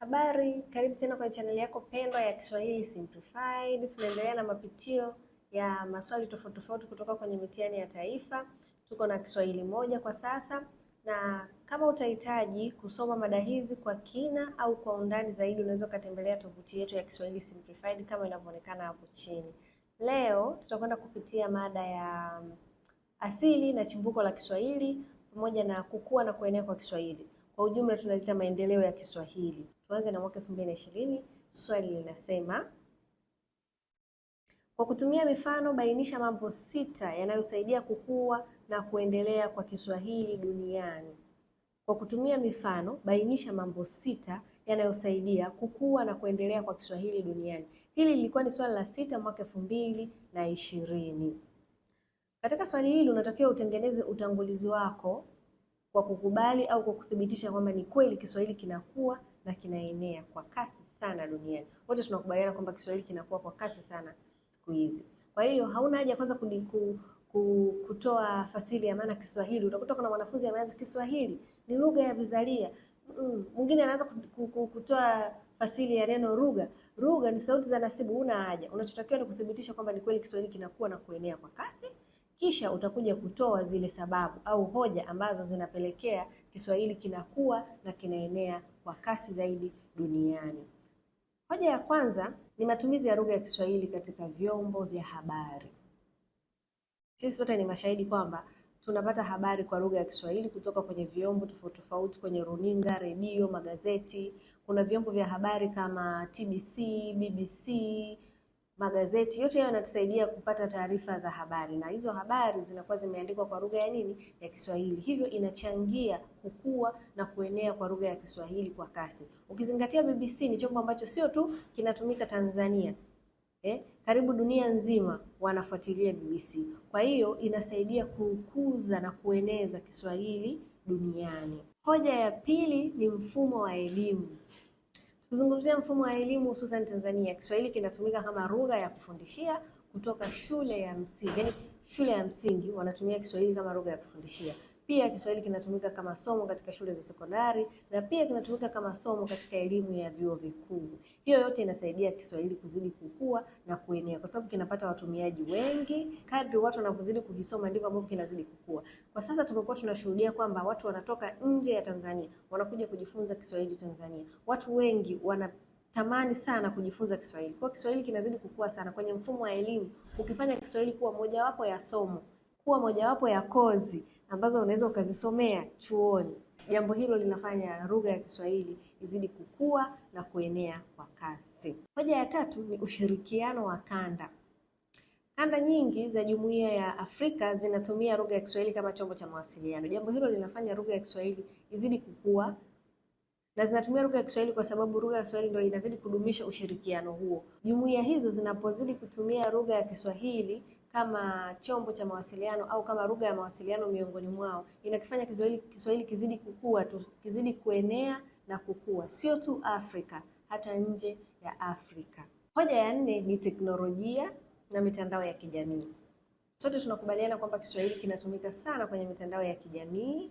Habari, karibu tena kwenye chaneli yako pendwa ya Kiswahili Simplified. Tunaendelea na mapitio ya maswali tofauti tofauti kutoka kwenye mitihani ya taifa. Tuko na Kiswahili moja kwa sasa, na kama utahitaji kusoma mada hizi kwa kina au kwa undani zaidi, unaweza ukatembelea tovuti yetu ya Kiswahili Simplified kama inavyoonekana hapo chini. Leo tutakwenda kupitia mada ya mm, asili na chimbuko la Kiswahili pamoja na kukua na kuenea kwa Kiswahili. Kwa ujumla tunaleta maendeleo ya Kiswahili. Tuanze na mwaka 2020. Swali linasema kwa kutumia mifano bainisha mambo sita yanayosaidia kukua na kuendelea kwa Kiswahili duniani. Kwa kutumia mifano bainisha mambo sita yanayosaidia kukua na kuendelea kwa Kiswahili duniani. Hili lilikuwa ni swali la sita mwaka elfu mbili na ishirini. Katika swali hili unatakiwa utengeneze utangulizi wako kwa kukubali au kwa kuthibitisha kwamba ni kweli Kiswahili kinakuwa na kinaenea kwa kasi sana duniani. Wote tunakubaliana kwamba Kiswahili kinakuwa kwa kasi sana siku hizi. Kwa hiyo hauna haja kwanza ku, kutoa fasili ya maana Kiswahili. Utakuta kuna mwanafunzi anaanza Kiswahili ni lugha ya vizalia, mwingine anaanza kutoa fasili ya neno ruga Lugha ni sauti za nasibu, Una haja. Unachotakiwa ni kuthibitisha kwamba ni kweli Kiswahili kinakuwa na kuenea kwa kasi, kisha utakuja kutoa zile sababu au hoja ambazo zinapelekea Kiswahili kinakuwa na kinaenea kwa kasi zaidi duniani. Hoja ya kwanza ni matumizi ya lugha ya Kiswahili katika vyombo vya habari. Sisi sote ni mashahidi kwamba tunapata habari kwa lugha ya Kiswahili kutoka kwenye vyombo tofauti tofauti, kwenye runinga, redio, magazeti. Kuna vyombo vya habari kama TBC, BBC, magazeti yote hayo yanatusaidia kupata taarifa za habari, na hizo habari zinakuwa zimeandikwa kwa lugha ya nini? Ya Kiswahili. Hivyo inachangia kukua na kuenea kwa lugha ya Kiswahili kwa kasi, ukizingatia BBC ni chombo ambacho sio tu kinatumika Tanzania eh, karibu dunia nzima wanafuatilia BBC. Kwa hiyo inasaidia kukuza na kueneza Kiswahili duniani. Hoja ya pili ni mfumo wa elimu. Tuzungumzie mfumo wa elimu hususan Tanzania. Kiswahili kinatumika kama lugha ya kufundishia kutoka shule ya msingi, yaani shule ya msingi wanatumia Kiswahili kama lugha ya kufundishia. Pia Kiswahili kinatumika kama somo katika shule za sekondari na pia kinatumika kama somo katika elimu ya vyuo vikuu. Hiyo yote inasaidia Kiswahili kuzidi kukua na kuenea, kwa sababu kinapata watumiaji wengi. Kadri watu wanavyozidi kukisoma, ndivyo ambavyo kinazidi kukua. Kwa sasa tumekuwa tunashuhudia kwamba watu wanatoka nje ya Tanzania wanakuja kujifunza Kiswahili Tanzania. Watu wengi wana tamani sana kujifunza Kiswahili. Kwa Kiswahili kinazidi kukua sana kwenye mfumo wa elimu, ukifanya Kiswahili kuwa mojawapo ya somo, kuwa mojawapo ya kozi ambazo unaweza ukazisomea chuoni. Jambo hilo linafanya lugha ya Kiswahili izidi kukua na kuenea kwa kasi. Hoja ya tatu ni ushirikiano wa kanda. Kanda nyingi za Jumuiya ya Afrika zinatumia lugha ya Kiswahili kama chombo cha mawasiliano. Jambo hilo linafanya lugha ya Kiswahili izidi kukua na zinatumia lugha ya Kiswahili kwa sababu lugha ya Kiswahili ndio inazidi kudumisha ushirikiano huo. Jumuiya hizo zinapozidi kutumia lugha ya Kiswahili kama chombo cha mawasiliano au kama lugha ya mawasiliano miongoni mwao, inakifanya Kiswahili Kiswahili kizidi kukua tu, kizidi kuenea na kukua, sio tu Afrika, hata nje ya Afrika. Hoja ya nne ni teknolojia na mitandao ya kijamii. Sote tunakubaliana kwamba Kiswahili kinatumika sana kwenye mitandao ya kijamii,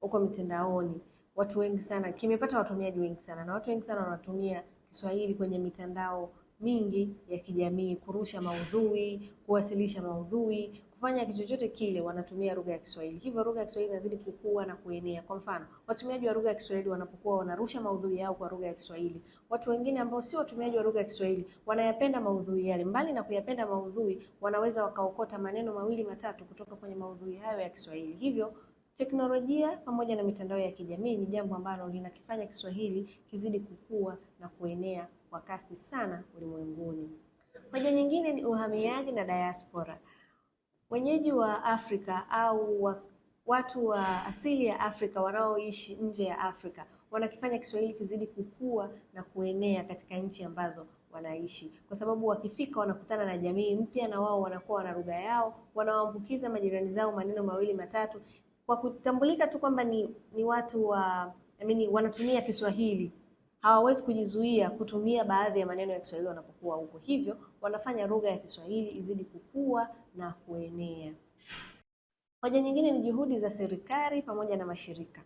huko mitandaoni, watu wengi sana kimepata watumiaji wengi sana, na watu wengi sana wanatumia Kiswahili kwenye mitandao mingi ya kijamii, kurusha maudhui, kuwasilisha maudhui, kufanya kitu chochote kile wanatumia lugha ya Kiswahili. Hivyo lugha ya Kiswahili inazidi kukua na kuenea. Kwa mfano, watumiaji wa lugha ya Kiswahili wanapokuwa wanarusha maudhui yao kwa lugha ya Kiswahili, watu wengine ambao sio watumiaji wa lugha ya Kiswahili wanayapenda maudhui yale. Mbali na kuyapenda maudhui, wanaweza wakaokota maneno mawili matatu kutoka kwenye maudhui hayo ya Kiswahili. Hivyo Teknolojia pamoja na mitandao ya kijamii ni jambo ambalo linakifanya Kiswahili kizidi kukua na kuenea kwa kasi sana ulimwenguni. Hoja nyingine ni uhamiaji na diaspora. Wenyeji wa Afrika au wa, watu wa asili ya Afrika wanaoishi nje ya Afrika wanakifanya Kiswahili kizidi kukua na kuenea katika nchi ambazo wanaishi, kwa sababu wakifika wanakutana na jamii mpya, na wao wanakuwa na lugha yao, wanawaambukiza majirani zao maneno mawili matatu, kwa kutambulika tu kwamba ni, ni watu wa I mean, wanatumia Kiswahili hawawezi kujizuia kutumia baadhi ya maneno ya Kiswahili wanapokuwa huko, hivyo wanafanya lugha ya Kiswahili izidi kukua na kuenea. Hoja nyingine ni juhudi za serikali pamoja na mashirika.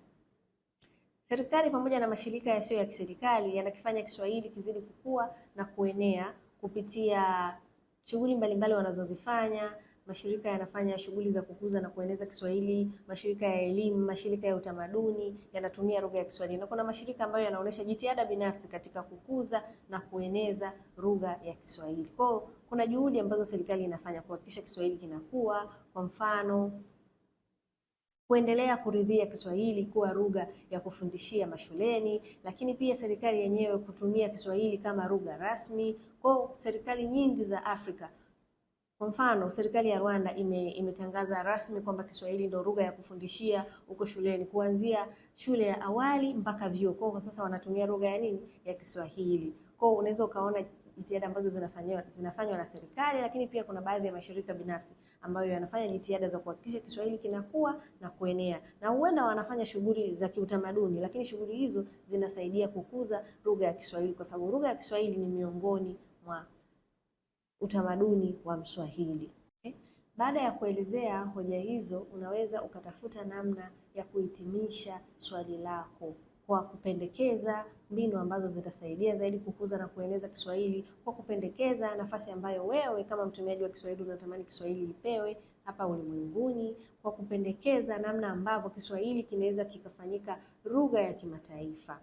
Serikali pamoja na mashirika yasiyo ya kiserikali yanakifanya Kiswahili kizidi kukua na kuenea kupitia shughuli mbalimbali wanazozifanya mashirika yanafanya shughuli za kukuza na kueneza Kiswahili, mashirika ya elimu, mashirika ya utamaduni yanatumia lugha ya Kiswahili, na kuna mashirika ambayo yanaonyesha jitihada binafsi katika kukuza na kueneza lugha ya Kiswahili. Kwa kuna juhudi ambazo serikali inafanya kuhakikisha Kiswahili kinakuwa, kwa mfano kuendelea kuridhia Kiswahili kuwa lugha ya kufundishia mashuleni, lakini pia serikali yenyewe kutumia Kiswahili kama lugha rasmi. Kwa serikali nyingi za Afrika kwa mfano, serikali ya Rwanda ime, imetangaza rasmi kwamba Kiswahili ndio lugha ya kufundishia huko shuleni kuanzia shule ya awali mpaka vyuo. Kwa hiyo sasa wanatumia lugha ya nini? Ya Kiswahili. Kwa hiyo unaweza ukaona jitihada ambazo zinafanywa zinafanywa na serikali, lakini pia kuna baadhi ya mashirika binafsi ambayo yanafanya jitihada za kuhakikisha Kiswahili kinakuwa na kuenea, na huenda wanafanya shughuli za kiutamaduni, lakini shughuli hizo zinasaidia kukuza lugha ya Kiswahili kwa sababu lugha ya Kiswahili ni miongoni mwa utamaduni wa Mswahili. Okay? Eh, baada ya kuelezea hoja hizo, unaweza ukatafuta namna ya kuhitimisha swali lako kwa kupendekeza mbinu ambazo zitasaidia zaidi kukuza na kueneza Kiswahili, kwa kupendekeza nafasi ambayo wewe kama mtumiaji wa Kiswahili unatamani Kiswahili ipewe hapa ulimwenguni, kwa kupendekeza namna ambavyo Kiswahili kinaweza kikafanyika lugha ya kimataifa.